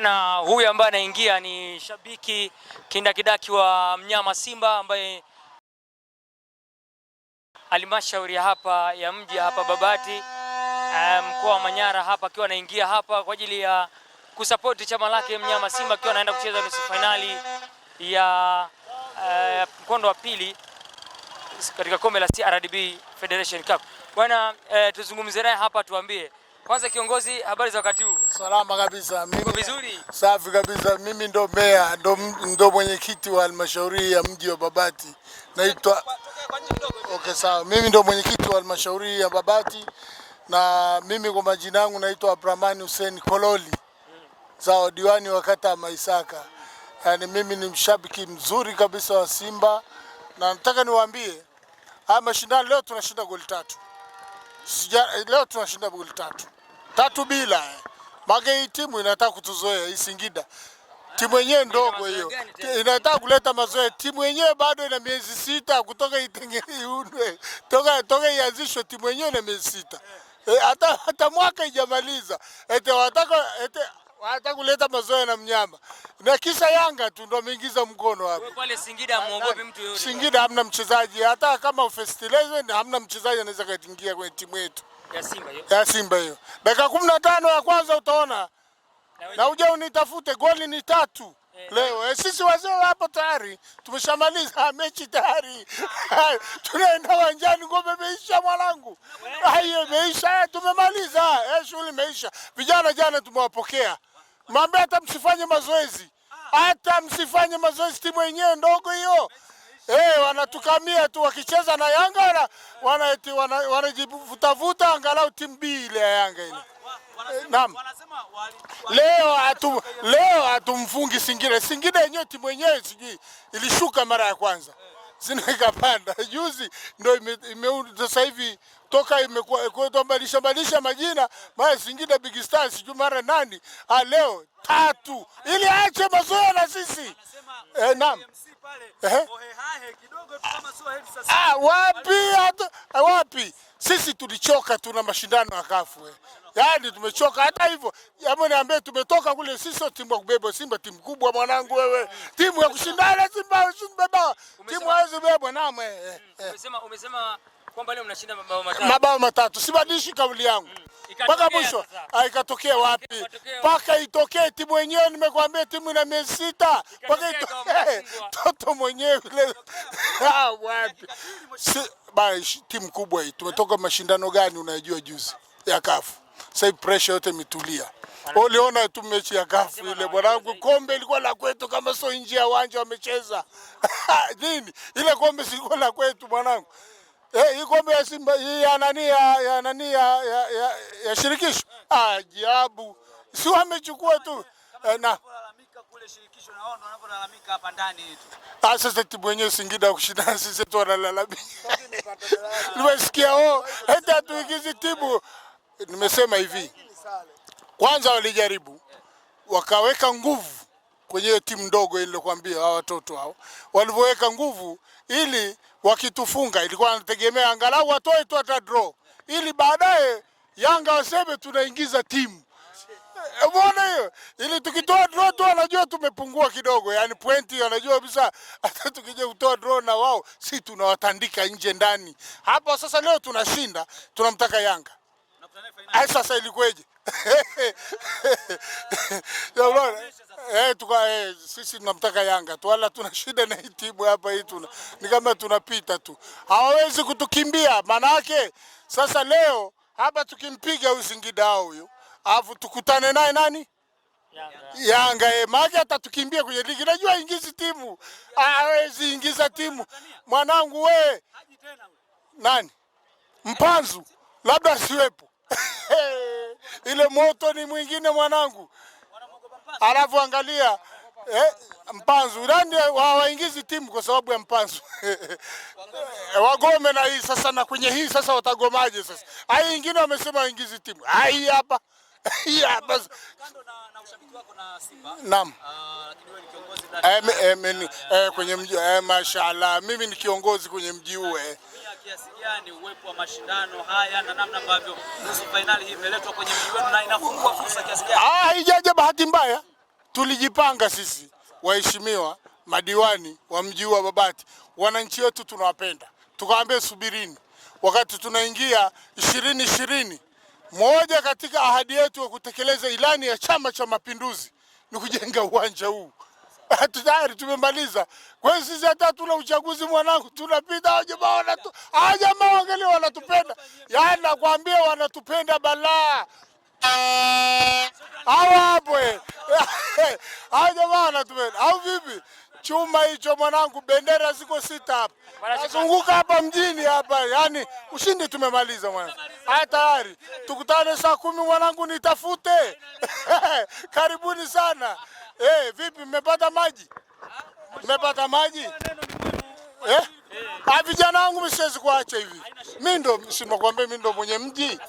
Na huyu ambaye anaingia ni shabiki kindakidaki wa mnyama Simba ambaye halmashauri hapa ya mji hapa Babati eh, mkoa wa Manyara hapa akiwa anaingia hapa kwa ajili ya kusapoti chama lake mnyama Simba akiwa anaenda kucheza nusu fainali ya uh, mkondo wa pili katika kombe la CRDB Federation Cup. Bwana, uh, tuzungumze naye hapa tuambie kwanza kiongozi, habari za wakati huu? Salama kabisa. Mimi vizuri. Safi kabisa. Mimi ndo meya, ndo, ndo mwenyekiti wa halmashauri ya mji wa Babati. Naitwa Okay, sawa. Mimi ndo mwenyekiti wa halmashauri ya Babati na mimi kwa majina yangu naitwa Abrahamani Hussein Kololi Sawa, diwani wa kata ya Maisaka. Yaani mimi ni mshabiki mzuri kabisa wa Simba na nataka niwaambie haya mashindano leo tunashinda goli tatu. Leo tunashinda goli tatu tatu bila eh. maka hii timu inataka kutuzoea hii Singida timu yenyewe ndogo hiyo inataka kuleta mazoea. Timu yenyewe bado ina miezi sita kutoka iundwe, toka toka ianzishwe, timu yenyewe ina miezi sita eh, hata E, hata mwaka ijamaliza, eti wataka eti hata kuleta mazoea na mnyama na kisa Yanga tu ndo ameingiza mkono hapo pale. Singida muogopi mtu yoyote. Singida hamna mchezaji hata kama Festilezwe, hamna mchezaji anaweza kaingia kwenye timu yetu ya Simba hiyo, dakika kumi na tano ya kwanza utaona na uje unitafute, goli ni tatu eh. leo. E, sisi wazee hapo tayari tumeshamaliza mechi tayari tunaenda uwanjani, ngome imeisha mwanangu, hiyo imeisha, eh, tumemaliza shughuli imeisha. Vijana jana tumewapokea, mwambie hata msifanye mazoezi, ah. hata msifanye mazoezi, timu yenyewe ndogo hiyo hey, eh, wanatukamia tu wakicheza na Yanga wanajivutavuta angalau timu B ile ya Yanga ile. Eh, naam. Leo atu, leo atumfungi Singida. Singida yenyewe timu yenyewe sijui ilishuka mara ya kwanza zina ikapanda juzi, ndo sasa hivi toka imebadilisha badilisha majina, maana Singida Big Stars sijui mara nani, ah leo tatu, ili aache mazoea na sisi eh, naam eh, ah, wapi hata ah, wapi sisi tulichoka, tuna mashindano ya kafu eh. yaani tumechoka. Hata hivyo jamani, niambie, tumetoka kule. Sisi sio timu ya kubebwa. Simba timu kubwa, mwanangu wewe, timu ya kushindana. Simba usinibeba, timu haiwezi bebwa. Naam, eh, eh, umesema umesema kwamba leo mnashinda mabao matatu, mabao matatu. sibadilishi kauli yangu mm. mpaka mwisho. Ah, ikatokea wapi? Mpaka itokee timu yenyewe, Nimekwambia timu ina miezi sita, mpaka toto mwenyewe ah, wapi bara timu kubwa hii. Tumetoka mashindano gani unayojua juzi ya kafu. Sasa pressure yote imetulia. Uliona tu mechi ya kafu ile mwanangu kombe ilikuwa la kwetu, kama sio nje ya uwanja wamecheza nini ile kombe silikuwa la kwetu mwanangu Eh, hii kombe ya Simba hii ya nani ya, ya nani ya, ya, ya, ya shirikisho ajabu, si wamechukua tu eh, na kule shirikisho na wao ah, Singida kushinda sisi tu wanalalamika. Nimesikia wao oh, hata hatuingizi timu. Nimesema hivi. Kwanza walijaribu wakaweka nguvu kwenye timu ndogo ile nilikwambia hao watoto hao. Walivyoweka nguvu ili wakitufunga ilikuwa wanategemea angalau watoe tu hata draw ili baadaye Yanga waseme tunaingiza timu Umeona hiyo? Ili tukitoa draw tu anajua tumepungua kidogo, Yaani pointi anajua kabisa hata tukija kutoa draw na wao si tunawatandika nje ndani. Hapo sasa leo tunashinda, tunamtaka Yanga. Na sasa ilikweje? Jamani, eh tuka eh, sisi tunamtaka Yanga tu wala tuna shida na hitibu hapa hii tuna. Ni kama tunapita tu. Hawawezi kutukimbia maana yake sasa leo hapa tukimpiga huyu Singida huyu alafu tukutane naye nani? Yanga eh, maji atatukimbia kwenye ligi. Najua ingizi timu ah, hawezi ingiza timu mwanangu, we nani mpanzu labda siwepo ile moto ni mwingine mwanangu, alafu angalia eh, mpanzu nani eh, hawaingizi timu kwa sababu ya mpanzu wagome na hii sasa, na kwenye hii sasa watagomaje sasa? Ai ingine wamesema waingizi timu ai hapa Kwenye mji eh, mashallah, mimi ni kiongozi kwenye mji huu eh. Kiasi gani uwepo wa mashindano haya na namna ambavyo nusu finali hii imeletwa kwenye mji wenu na inafungua fursa kiasi gani? Ah, haijaja bahati mbaya. Tulijipanga sisi waheshimiwa madiwani wa mji wa Babati, wananchi wetu tunawapenda, tukawaambia subirini, wakati tunaingia ishirini ishirini moja katika ahadi yetu ya kutekeleza ilani ya Chama cha Mapinduzi ni kujenga uwanja huu tayari tumemaliza. Kwa hiyo sisi hata tuna uchaguzi mwanangu, tunapita hawajamaa wangalia, wanatupenda yaani, nakwambia wanatupenda balaa hawapwe hawa jamaa wanatupenda au vipi? Chuma hicho mwanangu, bendera ziko sita hapa, nazunguka hapa mjini hapa, yaani ushindi tumemaliza mwanangu. Haya, tayari tukutane saa kumi mwanangu, nitafute. Karibuni sana. Hey, eh, vipi mmepata maji? Mmepata maji? Eh? Ah, vijana wangu msiwezi kuacha hivi. mi ndo simakwambia mi ndo mwenye mji.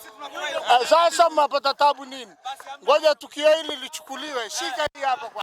Ah, sasa mnapata tabu nini? Ngoja tukio hili lichukuliwe. Shika hii hapa kwa.